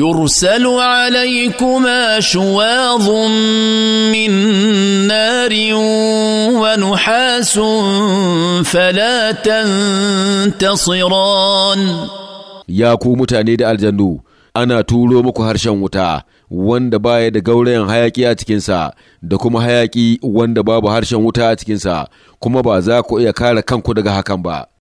يرسل عليكما شواظ من نار ونحاس فلا تنتصران يا ku mutane da aljannu ana turo muku harshen wuta wanda baya da gaurayen hayaki a cikinsa da kuma hayaki wanda babu harshen wuta a cikinsa kuma ba za ku iya kare kanku daga hakan ba